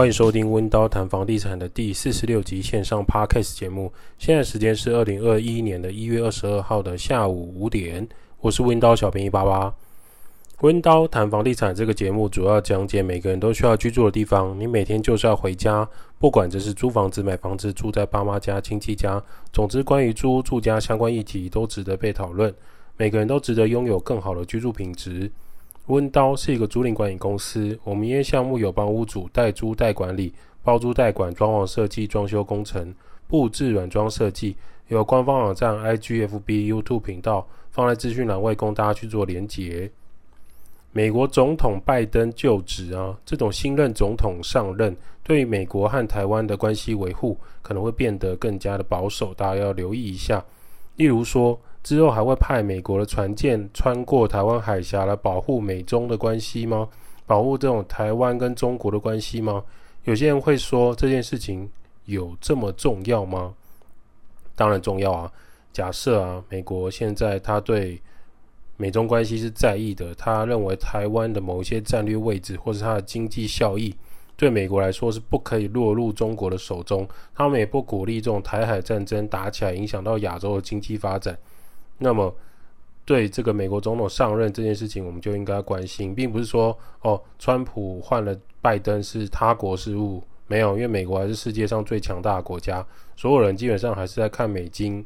歡迎收聽《溫叨談房地產》的第四十六集線上 Podcast 節目。現在時間是二零二一年的一月二十二號的下午五點。我是溫叨小編一八八。《溫叨談房地產》這個節目主要講解每個人都需要居住的地方。你每天就是要回家，不管這是租房子、買房子、住在爸媽家、親戚家，總之關於租住家相關議題都值得被討論。每個人都值得擁有更好的居住品質。溫叨是一個租賃管理公司，我們營業項目有幫屋主代租代管理、包租代管、裝潢設計、裝修工程、布置軟裝設計，有官方網站、IG、FB、YouTube 頻道，放在資訊欄位供大家去做連結。美國總統拜登就職啊，這種新任總統上任，對於美國和台灣的關係維護可能會變得更加的保守，大家要留意一下。例如說。之後還會派美國的船艦穿過台灣海峽來保護美中的關係嗎？保護這種台灣跟中國的關係嗎？有些人會說這件事情有這麼重要嗎？當然重要啊！假設啊，美國現在他對美中關係是在意的，他認為台灣的某一些戰略位置或是它的經濟效益對美國來說是不可以落入中國的手中，他們也不鼓勵這種台海戰爭打起來影響到亞洲的經濟發展。那麼，對這個美國總統上任這件事情，我們就應該關心，並不是說哦，川普換了拜登是他國事務，沒有，因為美國還是世界上最強大的國家，所有人基本上還是在看美金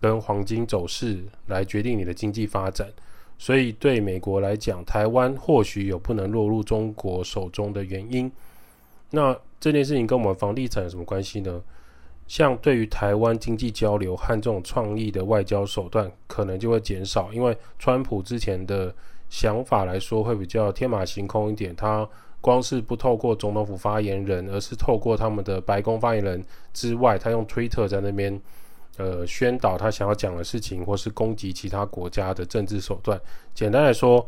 跟黃金走勢來決定你的經濟發展，所以對美國來講，台灣或許有不能落入中國手中的原因。那這件事情跟我們房地產有什麼關係呢？像對於台灣經濟交流、和這種創意的外交手段，可能就會減少，因為川普之前的想法來說會比較天馬行空一點。他光是不透過總統府發言人，而是透過他們的白宮發言人之外，他用 Twitter 在那邊，呃，宣導他想要講的事情，或是攻擊其他國家的政治手段。簡單來說，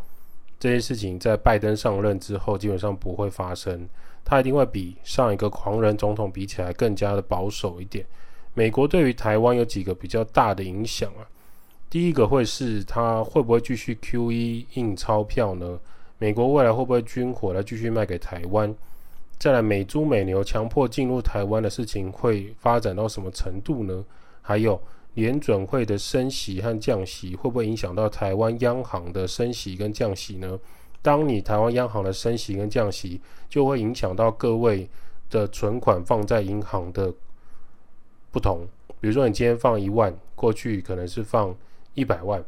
這件事情在拜登上任之後，基本上不會發生。他一定會比上一個狂人總統比起來更加的保守一點。美國對於台灣有幾個比較大的影響啊，第一個會是他會不會繼續 QE 印鈔票呢？美國未來會不會軍火來繼續賣給台灣？再來美豬美牛強迫進入台灣的事情會發展到什麼程度呢？還有聯準會的升息和降息會不會影響到台灣央行的升息跟降息呢？當你台灣央行的升息跟降息，就會影響到各位的存款放在銀行的不同。比如說，你今天放一萬，過去可能是放一百萬，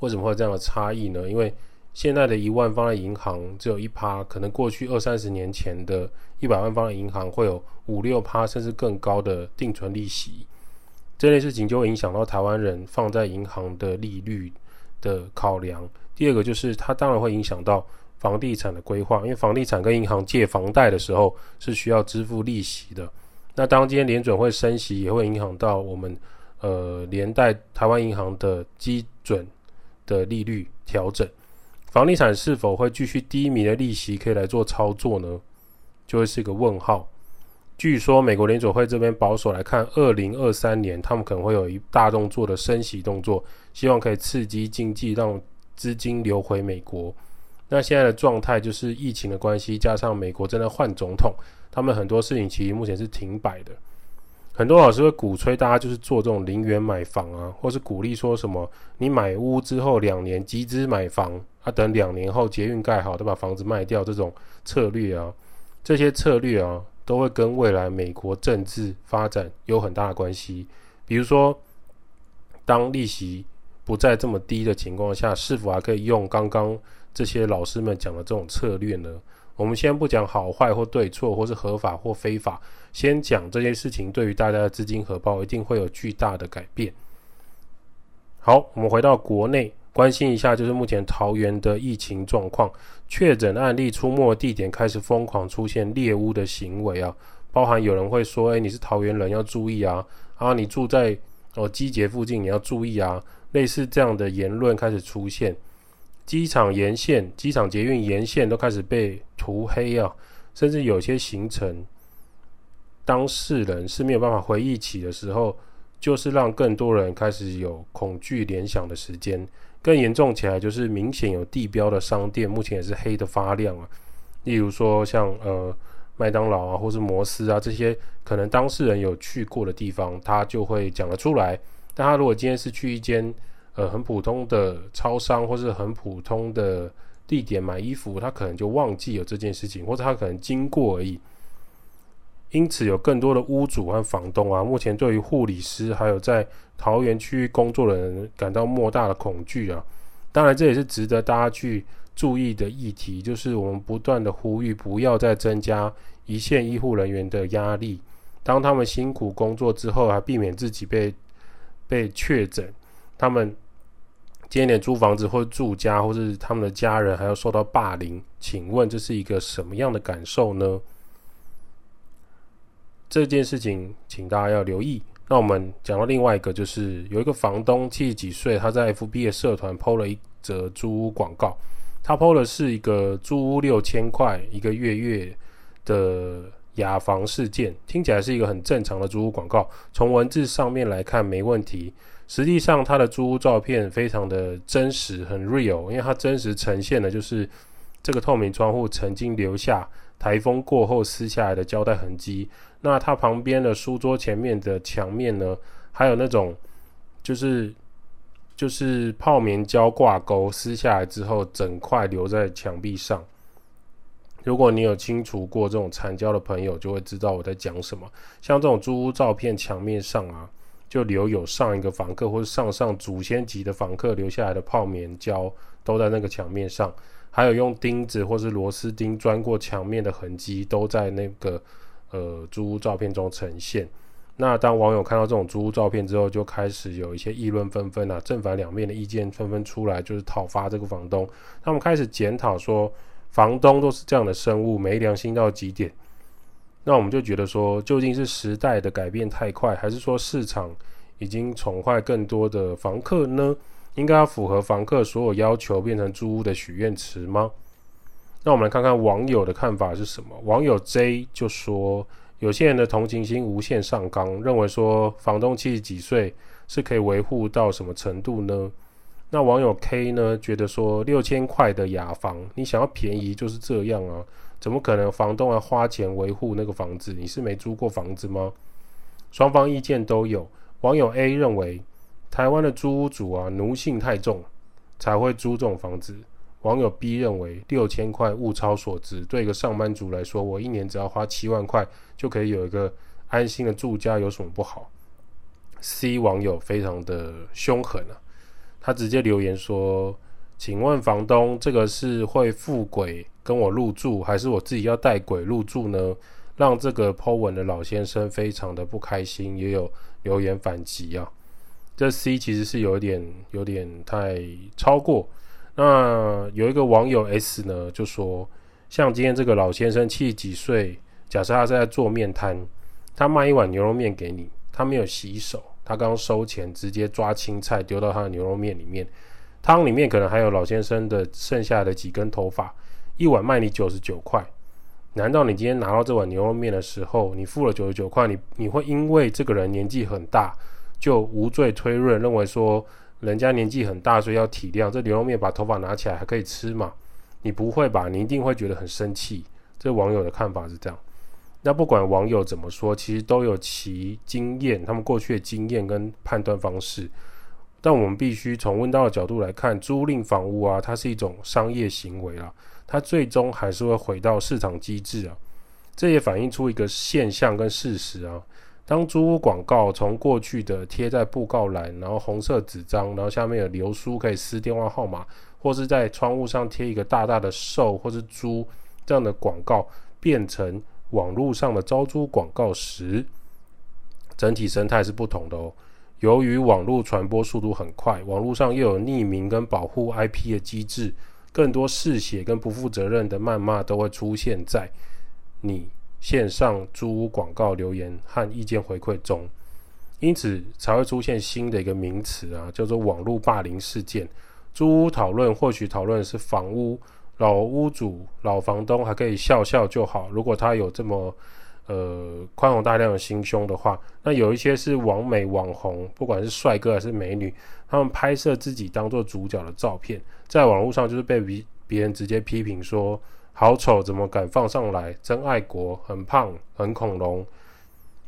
為什麼會有這樣的差異呢？因為現在的一萬放在銀行只有一趴，可能過去二三十年前的一百萬放在銀行會有五六趴甚至更高的定存利息。這類事情就會影響到台灣人放在銀行的利率的考量。第二個就是它當然會影響到房地產的規劃，因為房地產跟銀行借房貸的時候是需要支付利息的。那當今天聯準會升息，也會影響到我們呃連帶台灣銀行的基準的利率調整。房地產是否會繼續低迷的利息可以來做操作呢？就會是一個問號。據說美國聯準會這邊保守來看，二零二三年他們可能會有一大動作的升息動作，希望可以刺激經濟讓。資金流回美國，那現在的狀態就是疫情的關係，加上美國正在換總統，他們很多事情其實目前是停擺的。很多老師會鼓吹大家就是做這種零元買房啊，或是鼓勵說什麼你買屋之後兩年集資買房啊，等兩年後捷運蓋好再把房子賣掉這種策略啊，這些策略啊都會跟未來美國政治發展有很大的關係。比如說，當利息。不在這麼低的情況下，是否還可以用剛剛這些老師們講的這種策略呢？我們先不講好壞或對錯，或是合法或非法，先講這件事情對於大家的資金荷包一定會有巨大的改變。好，我們回到國內，關心一下，就是目前桃園的疫情狀況，確診案例出沒地點開始瘋狂出現獵巫的行為啊，包含有人會說：“誒、哎，你是桃園人要注意啊，啊，你住在哦機捷附近你要注意啊。”類似這樣的言論開始出現，機場沿線、機場捷運沿線都開始被塗黑啊，甚至有些行程當事人是沒有辦法回憶起的時候，就是讓更多人開始有恐懼聯想的時間。更嚴重起來，就是明顯有地標的商店，目前也是黑得發亮啊，例如說像呃麥當勞啊，或是摩斯啊這些，可能當事人有去過的地方，他就會講得出來。但他如果今天是去一間呃很普通的超商，或是很普通的地點買衣服，他可能就忘記有這件事情，或者他可能經過而已。因此，有更多的屋主和房東啊，目前對於護理師還有在桃園區域工作的人感到莫大的恐懼啊。當然，這也是值得大家去注意的議題，就是我們不斷的呼籲，不要再增加一線醫護人員的壓力，當他們辛苦工作之後啊，還避免自己被。被確診，他們今年租房子或住家，或是他們的家人還要受到霸凌，請問這是一個什麼樣的感受呢？這件事情請大家要留意。那我們講到另外一個，就是有一個房東七十幾歲，他在 FBA 社團 po 了一則租屋廣告，他 po 的是一個租屋六千塊一個月月的。雅房事件聽起來是一個很正常的租屋廣告，從文字上面來看沒問題。實際上，它的租屋照片非常的真實，很 real，因為它真實呈現的就是這個透明窗戶曾經留下台風過後撕下來的膠帶痕跡。那它旁邊的書桌前面的牆面呢，還有那種就是就是泡棉膠掛鈎撕下來之後，整塊留在牆壁上。如果你有清楚過這種殘膠的朋友，就會知道我在講什麼。像這種租屋照片牆面上啊，就留有上一個房客或者上上祖先級的房客留下來的泡棉膠，都在那個牆面上。還有用釘子或是螺絲釘鑽過牆面的痕跡，都在那個呃租屋照片中呈現。那當網友看到這種租屋照片之後，就開始有一些議論紛紛啊，正反兩面的意見紛紛出來，就是討伐這個房東。那我們開始檢討說，房東都是這樣的生物，沒良心到極點。那我們就覺得說，究竟是時代的改變太快，還是說市場已經寵壞更多的房客呢？應該要符合房客所有要求，變成租屋的許願池嗎？那我們來看看網友的看法是什麼。網友 J 就說，有些人的同情心無限上綱，認為說房東七十幾歲是可以維護到什麼程度呢？那網友 K 呢？覺得說六千塊的雅房，你想要便宜就是這樣啊？怎麼可能房東還花錢維護那個房子？你是沒租過房子嗎？雙方意見都有。網友 A 認為，台灣的租屋主啊奴性太重，才會租這種房子。網友 B 認為六千塊物超所值，對一個上班族來說，我一年只要花七萬塊就可以有一個安心的住家，有什麼不好？C 網友非常的凶狠啊。他直接留言說：“請問房東，這個是會附鬼跟我入住，還是我自己要帶鬼入住呢？”讓這個 po 文的老先生非常的不開心，也有留言反擊啊。這 C 其實是有點有點太超過。那有一個網友 S 呢，就說：“像今天這個老先生七十幾歲，假設他是在做麵攤，他賣一碗牛肉麵給你，他沒有洗手。”他剛收錢，直接抓青菜丟到他的牛肉麵裡面，湯裡面可能還有老先生的剩下的幾根頭髮。一碗賣你九十九塊，難道你今天拿到這碗牛肉麵的時候，你付了九十九塊，你你會因為這個人年紀很大就無罪推論，認為說人家年紀很大所以要體諒這牛肉麵把頭髮拿起來還可以吃嗎？你不會吧，你一定會覺得很生氣。這網友的看法是這樣。那不管網友怎麼說，其實都有其經驗，他們過去的經驗跟判斷方式。但我們必須從溫叨的角度來看，租賃房屋啊，它是一種商業行為啊，它最終還是會回到市場機制啊。這也反映出一個現象跟事實啊。當租屋廣告從過去的貼在布告欄，然後紅色紙張，然後下面有流蘇可以撕電話號碼，或是在窗戶上貼一個大大的“售”或是“租”這樣的廣告，變成。網絡上的招租廣告時，整體生態是不同的哦。由於網絡傳播速度很快，網絡上又有匿名跟保護 IP 的機制，更多嗜血跟不負責任的謾罵都會出現在你線上租屋廣告留言和意見回饋中，因此才會出現新的一個名詞啊，叫做網絡霸凌事件。租屋討論或許討論是房屋。老屋主、老房東還可以笑笑就好。如果他有這麼，呃，寬宏大量的心胸的話，那有一些是網美網紅，不管是帥哥還是美女，他們拍攝自己當做主角的照片，在網絡上就是被別別人直接批評說好醜，怎麼敢放上來？真愛國，很胖，很恐龍，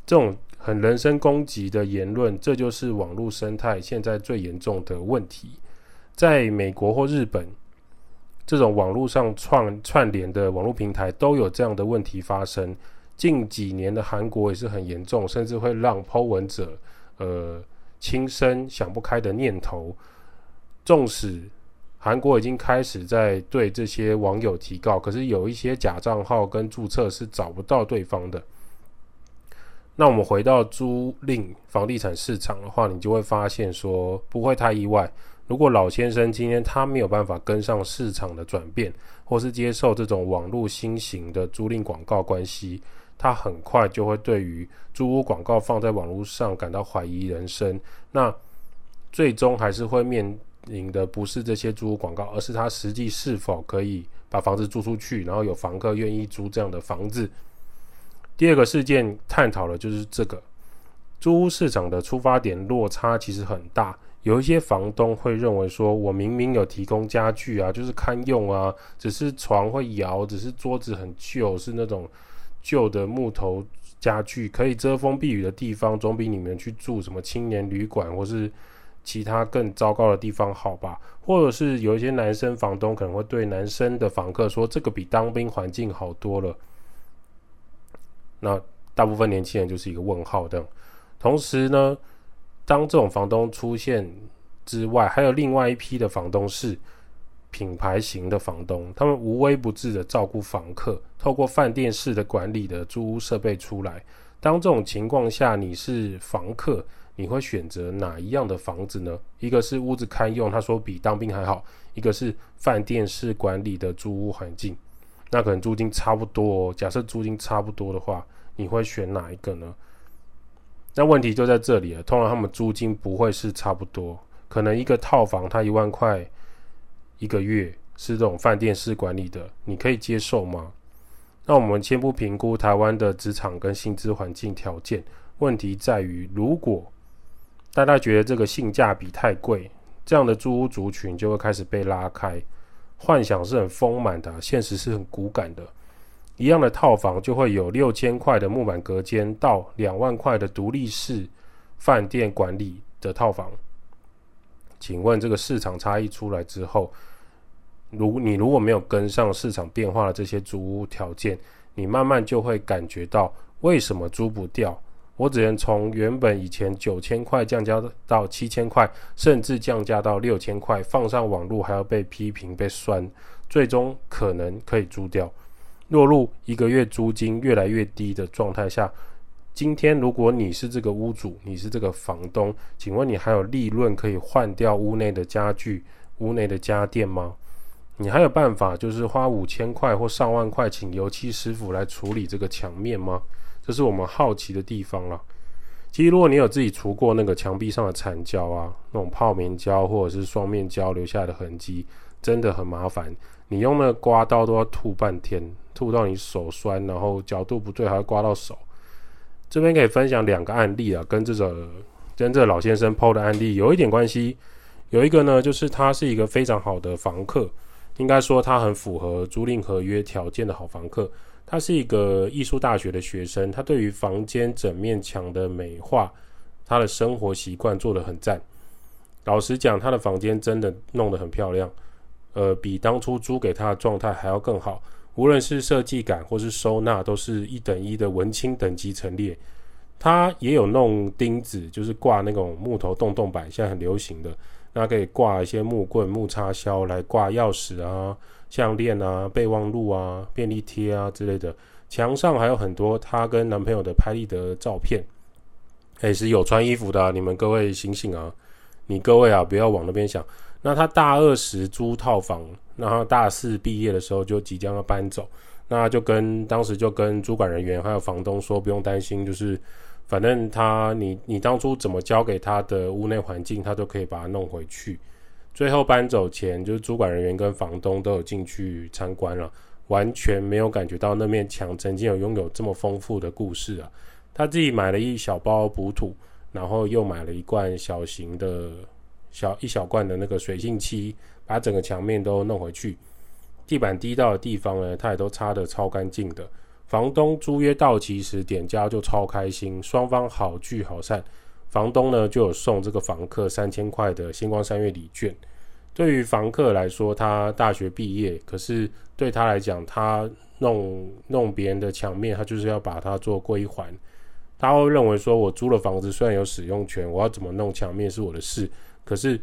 這種很人身攻擊的言論，這就是網絡生態現在最嚴重的問題。在美國或日本。這種網絡上串串聯的網絡平台都有這樣的問題發生，近幾年的韓國也是很嚴重，甚至會讓 po 文者，呃，輕生想不開的念頭。縱使韓國已經開始在對這些網友提告，可是有一些假賬號跟注冊是找不到對方的。那我們回到租賃房地產市場的話，你就會發現說不會太意外。如果老先生今天他沒有辦法跟上市場的轉變，或是接受這種網絡新型的租賃廣告關係，他很快就會對於租屋廣告放在網絡上感到懷疑人生。那最終還是會面臨的不是這些租屋廣告，而是他實際是否可以把房子租出去，然後有房客願意租這樣的房子。第二個事件探討的就是這個租屋市場的出發點落差其實很大。有一些房東會認為說，我明明有提供家具啊，就是堪用啊，只是床會搖，只是桌子很舊，是那種舊的木頭家具，可以遮風避雨的地方，總比你們去住什麼青年旅館或是其他更糟糕的地方好吧？或者是有一些男生房東可能會對男生的房客說，這個比當兵環境好多了。那大部分年輕人就是一個問號的，同時呢。當這種房東出現之外，還有另外一批的房東是品牌型的房東，他們無微不至的照顧房客，透過飯店式的管理的租屋設備出來。當這種情況下，你是房客，你會選擇哪一樣的房子呢？一個是屋子堪用，他說比當兵還好；一個是飯店式管理的租屋環境。那可能租金差不多哦。假設租金差不多的話，你會選哪一個呢？那問題就在這裡了，通常他們租金不會是差不多，可能一個套房他一萬塊一個月是這種飯店式管理的，你可以接受嗎？那我們先不評估台灣的職場跟薪資環境條件，問題在於如果大家覺得這個性價比太貴，這樣的租屋族群就會開始被拉開，幻想是很豐滿的，現實是很骨感的。一樣的套房就會有六千塊的木板隔間到兩萬塊的獨立式飯店管理的套房。請問這個市場差異出來之後，如你如果沒有跟上市場變化的這些租屋條件，你慢慢就會感覺到為什麼租不掉？我只能從原本以前九千塊降價到七千塊，甚至降價到六千塊，放上網路還要被批評被酸，最終可能可以租掉。落入一個月租金越來越低的狀態下，今天如果你是這個屋主，你是這個房東，請問你還有利潤可以換掉屋內的家具、屋內的家電嗎？你還有辦法就是花五千塊或上萬塊請油漆師傅來處理這個牆面嗎？這是我們好奇的地方了。其實如果你有自己除過那個牆壁上的殘膠啊，那種泡棉膠或者是雙面膠留下的痕跡。真的很麻煩，你用那刮刀都要吐半天，吐到你手酸，然後角度不對，還要刮到手。這邊可以分享兩個案例啊，跟這個跟這個老先生 po 的案例有一點關係。有一個呢，就是他是一個非常好的房客，應該說他很符合租賃合約條件的好房客。他是一個藝術大學的學生，他對於房間整面牆的美化，他的生活習慣做得很讚。老實講，他的房間真的弄得很漂亮。呃，比當初租給他的狀態還要更好，無論是設計感或是收納，都是一等一的文青等級陳列。他也有弄釘子，就是掛那種木頭洞洞板，現在很流行的，那可以掛一些木棍、木插銷來掛鑰匙啊、項鏈啊、備忘錄啊、便利貼啊之類的。牆上還有很多她跟男朋友的拍立得照片，誒，是有穿衣服的啊，你們各位醒醒啊，你各位啊，不要往那邊想。那他大二時租套房，然後大四畢業的時候就即將要搬走，那就跟當時就跟主管人員還有房東說，不用擔心，就是反正他你你當初怎麼交給他的屋內環境，他都可以把它弄回去。最後搬走前，就是主管人員跟房東都有進去參觀了，完全沒有感覺到那面牆曾經有擁有這麼豐富的故事啊。他自己買了一小包補土，然後又買了一罐小型的。小一小罐的那個水性漆，把整個牆面都弄回去，地板滴到的地方呢，它也都擦得超乾淨的。房東租約到期時點交就超開心，雙方好聚好散。房東呢就有送這個房客三千塊的星光三月禮券。對於房客來說，他大學畢業，可是對他來講，他弄弄別人的牆面，他就是要把它做歸還。他會認為說，我租了房子雖然有使用權，我要怎麼弄牆面是我的事。可是，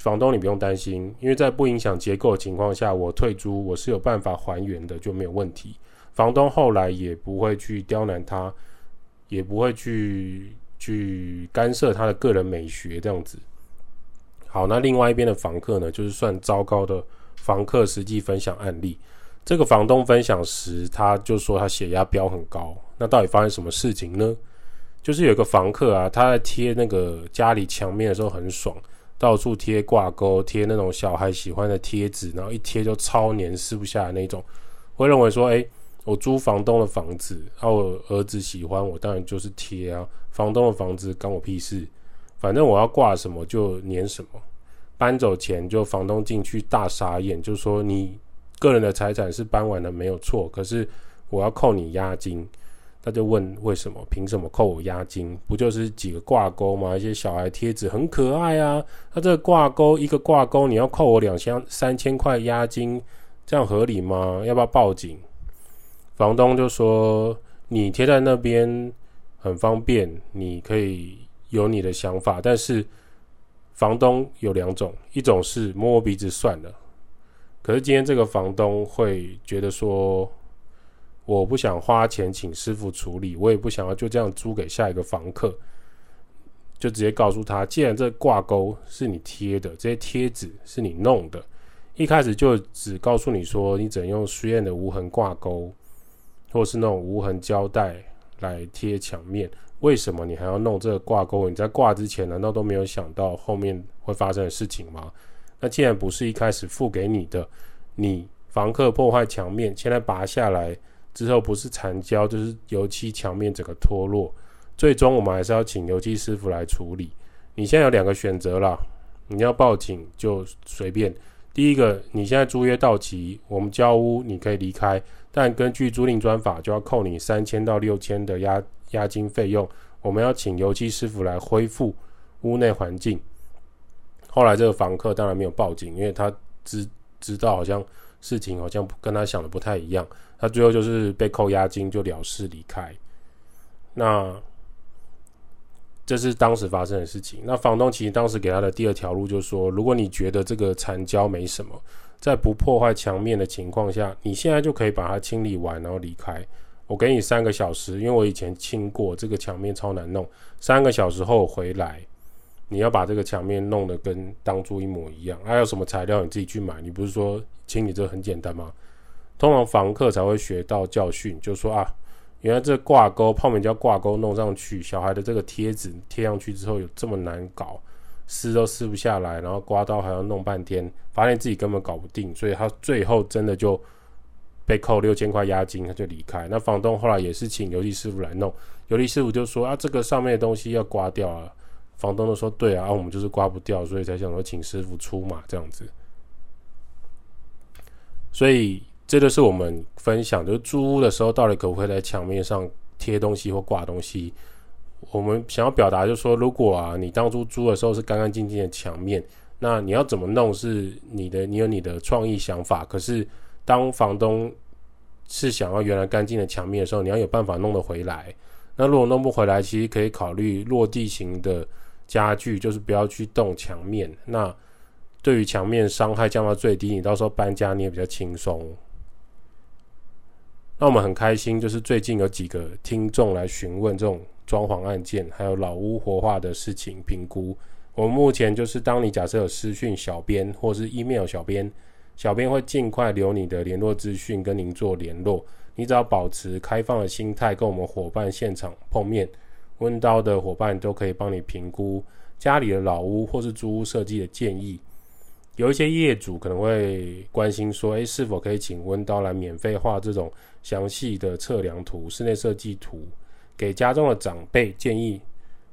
房東你不用擔心，因為在不影響結構的情況下，我退租我是有辦法還原的，就沒有問題。房東後來也不會去刁難他，也不會去去干涉他的個人美學這樣子。好，那另外一邊的房客呢，就是算糟糕的房客。實際分享案例，這個房東分享時，他就說他血壓飆很高。那到底發生什麼事情呢？就是有一個房客啊，他在貼那個家裡牆面的時候很爽。到處貼掛鈎，貼那種小孩喜歡的貼紙，然後一貼就超粘，撕不下那種。會認為說，哎、欸，我租房東的房子，然、啊、後我兒子喜歡，我當然就是貼啊。房東的房子干我屁事，反正我要掛什麼就粘什麼。搬走前就房東進去大傻眼，就說你個人的財產是搬完了沒有錯，可是我要扣你押金。他就問為什麼？憑什麼扣我押金？不就是幾個掛鈎嗎？一些小孩貼紙很可愛啊！他這個掛鈎一個掛鈎你要扣我兩千三千塊押金，這樣合理嗎？要不要報警？房東就說你貼在那邊很方便，你可以有你的想法，但是房東有兩種，一種是摸摸鼻子算了。可是今天這個房東會覺得說，我不想花錢請師傅處理，我也不想要就這樣租給下一個房客，就直接告訴他，既然這掛鈎是你貼的，這些貼紙是你弄的，一開始就只告訴你說你只能用 3M 的無痕掛鈎，或是那種無痕膠帶來貼牆面，為什麼你還要弄這個掛鈎？你在掛之前難道都沒有想到後面會發生的事情嗎？那既然不是一開始付給你的，你房客破壞牆面，現在拔下來。之後不是殘膠就是油漆牆面整個脫落，最終我們還是要請油漆師傅來處理。你現在有兩個選擇啦，你要報警就隨便。第一個，你現在租約到期，我們交屋你可以離開，但根據租賃專法就要扣你三千到六千的押押金費用。我們要請油漆師傅來恢復屋內環境。後來這個房客當然沒有報警，因為他知知道好像。事情好像跟他想的不太一樣，他最後就是被扣押金就了事離開。那這是當時發生的事情。那房東其實當時給他的第二條路就是說，如果你覺得這個殘膠沒什麼，在不破壞牆面的情況下，你現在就可以把它清理完然後離開。我給你三個小時，因為我以前清過這個牆面超難弄，三個小時後回來。你要把這個牆面弄得跟當初一模一樣，那要什麼材料你自己去買。你不是說清理這很簡單嗎？通常房客才會學到教訓，就說啊，原來這掛鈎泡面膠掛鈎弄上去，小孩的這個貼紙貼上去之後有這麼難搞，撕都撕不下來，然後刮刀還要弄半天，發現自己根本搞不定，所以他最後真的就被扣六千塊押金，他就離開。那房東後來也是請油漆師傅來弄，油漆師傅就說啊，這個上面的東西要刮掉啊。房東都說對啊，啊我們就是刮不掉，所以才想說請師傅出馬這樣子。所以這就是我們分享，就是租屋的時候到底可不可以在牆面上貼東西或掛東西。我們想要表達就是說，如果啊你當初租的時候是乾乾淨淨的牆面，那你要怎麼弄是你的，你有你的創意想法。可是當房東是想要原來乾淨的牆面的時候，你要有辦法弄得回來。那如果弄不回來，其實可以考慮落地型的。家具就是不要去動牆面，那對於牆面傷害降到最低，你到時候搬家你也比較輕鬆。那我們很開心，就是最近有幾個聽眾來詢問這種裝潢案件，還有老屋活化的事情評估。我們目前就是，當你假設有私訊小編或是 email 小編，小編會盡快留你的聯絡資訊跟您做聯絡。你只要保持開放的心態，跟我們夥伴現場碰面。溫刀的伙伴都可以幫你評估家裡的老屋或是租屋設計的建議。有一些業主可能會關心說：“哎，是否可以請溫刀來免費畫這種詳細的測量圖、室內設計圖，給家中的長輩建議？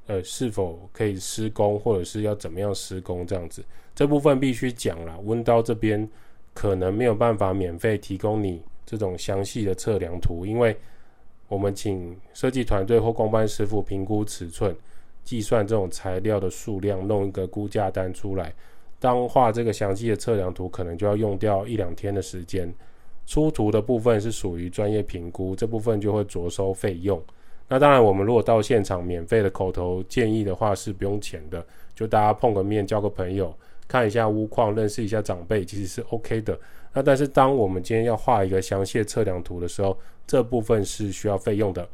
呃，是否可以施工或者是要怎麼樣施工？這樣子這部分必須講了。溫刀這邊可能沒有辦法免費提供你這種詳細的測量圖，因為……我們請設計團隊或工班師傅評估尺寸，計算這種材料的數量，弄一個估價單出來。當畫這個詳細的測量圖，可能就要用掉一兩天的時間。出圖的部分是屬於專業評估，這部分就會酌收費用。那當然，我們如果到現場免費的口頭建議的話，是不用錢的。就大家碰個面，交個朋友，看一下屋況，認識一下長輩，其實是 OK 的。那但是，當我們今天要畫一個詳細的測量圖的時候，這部分是需要費用的。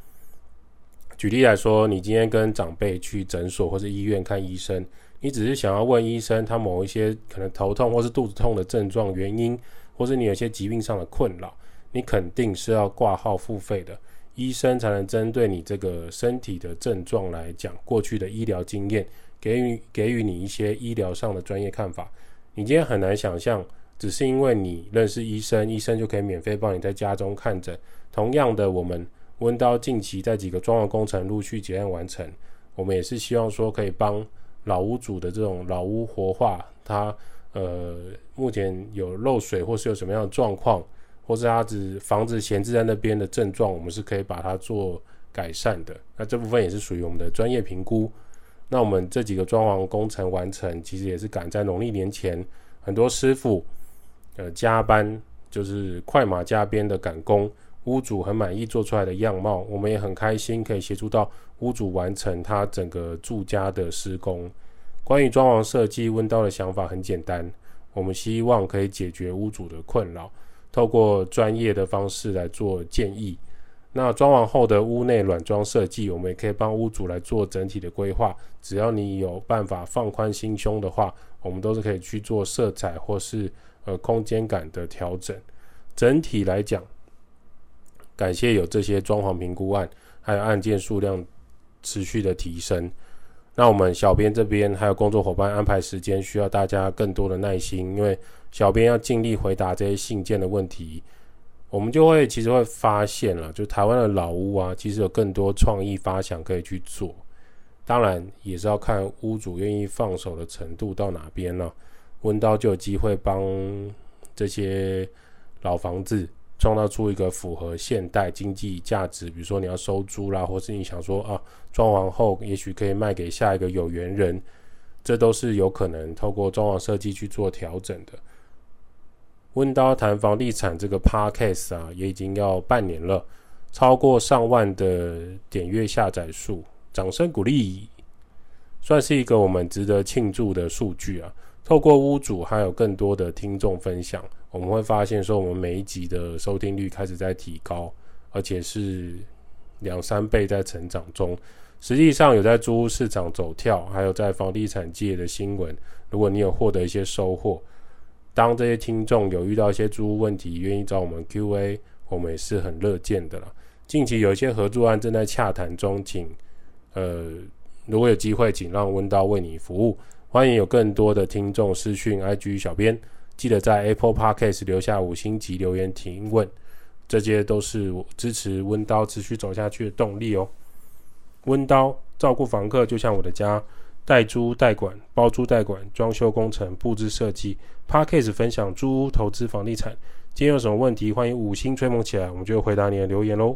舉例來說，你今天跟長輩去診所或者醫院看醫生，你只是想要問醫生他某一些可能頭痛或是肚子痛的症狀原因，或是你有些疾病上的困擾，你肯定是要掛號付費的，醫生才能針對你這個身體的症狀來講過去的醫療經驗，給予給予你一些醫療上的專業看法。你今天很難想象。只是因為你認識醫生，醫生就可以免費幫你在家中看診。同樣的，我們溫叨近期在幾個裝潢工程陸續結案完成，我們也是希望說可以幫老屋主的這種老屋活化，它呃目前有漏水或是有什麼樣的狀況，或是它只房子閒置在那邊的症狀，我們是可以把它做改善的。那這部分也是屬於我們的專業評估。那我們這幾個裝潢工程完成，其實也是趕在農曆年前，很多師傅。呃，加班就是快馬加鞭的趕工，屋主很滿意做出來的樣貌，我們也很開心可以協助到屋主完成他整個住家的施工。關於裝潢設計，溫叨的想法很簡單，我們希望可以解決屋主的困擾，透過專業的方式來做建議。那裝完後的屋內軟裝設計，我們也可以幫屋主來做整體的規劃。只要你有辦法放寬心胸的話，我們都是可以去做色彩或是。呃，空間感的調整，整體來講，感謝有這些裝潢評估案，還有案件數量持續的提升。那我們小編這邊還有工作夥伴安排時間，需要大家更多的耐心，因為小編要盡力回答這些信件的問題。我們就會其實會發現啊，就台灣的老屋啊，其實有更多創意發想可以去做。當然，也是要看屋主願意放手的程度到哪邊了。溫叨就有機會幫這些老房子創造出一個符合現代經濟價值，比如說你要收租啦，或是你想說啊，裝潢後也許可以賣給下一個有緣人，這都是有可能透過裝潢設計去做調整的。溫叨談房地產這個 Podcast 啊，也已經要半年了，超過上萬的點閱下載數，掌聲鼓勵，算是一個我們值得慶祝的數據啊。透過屋主還有更多的聽眾分享，我們會發現說我們每一集的收聽率開始在提高，而且是兩三倍在成長中。實際上有在租屋市場走跳，還有在房地產界的新聞。如果你有獲得一些收穫，當這些聽眾有遇到一些租屋問題，願意找我們 Q&A，我們也是很樂見的啦。近期有一些合作案正在洽談中，請呃，如果有機會，請讓溫叨為你服務。歡迎有更多的聽眾私訊 IG 小編，記得在 Apple Podcast 留下五星級留言提問，這些都是我支持溫叨持續走下去的動力哦。溫叨照顧房客，就像我的家，代租代管、包租代管、裝修工程、佈置設計。Podcast 分享租屋投資房地產，今天有什麼問題，歡迎五星吹捧起來，我們就回答你的留言嘍。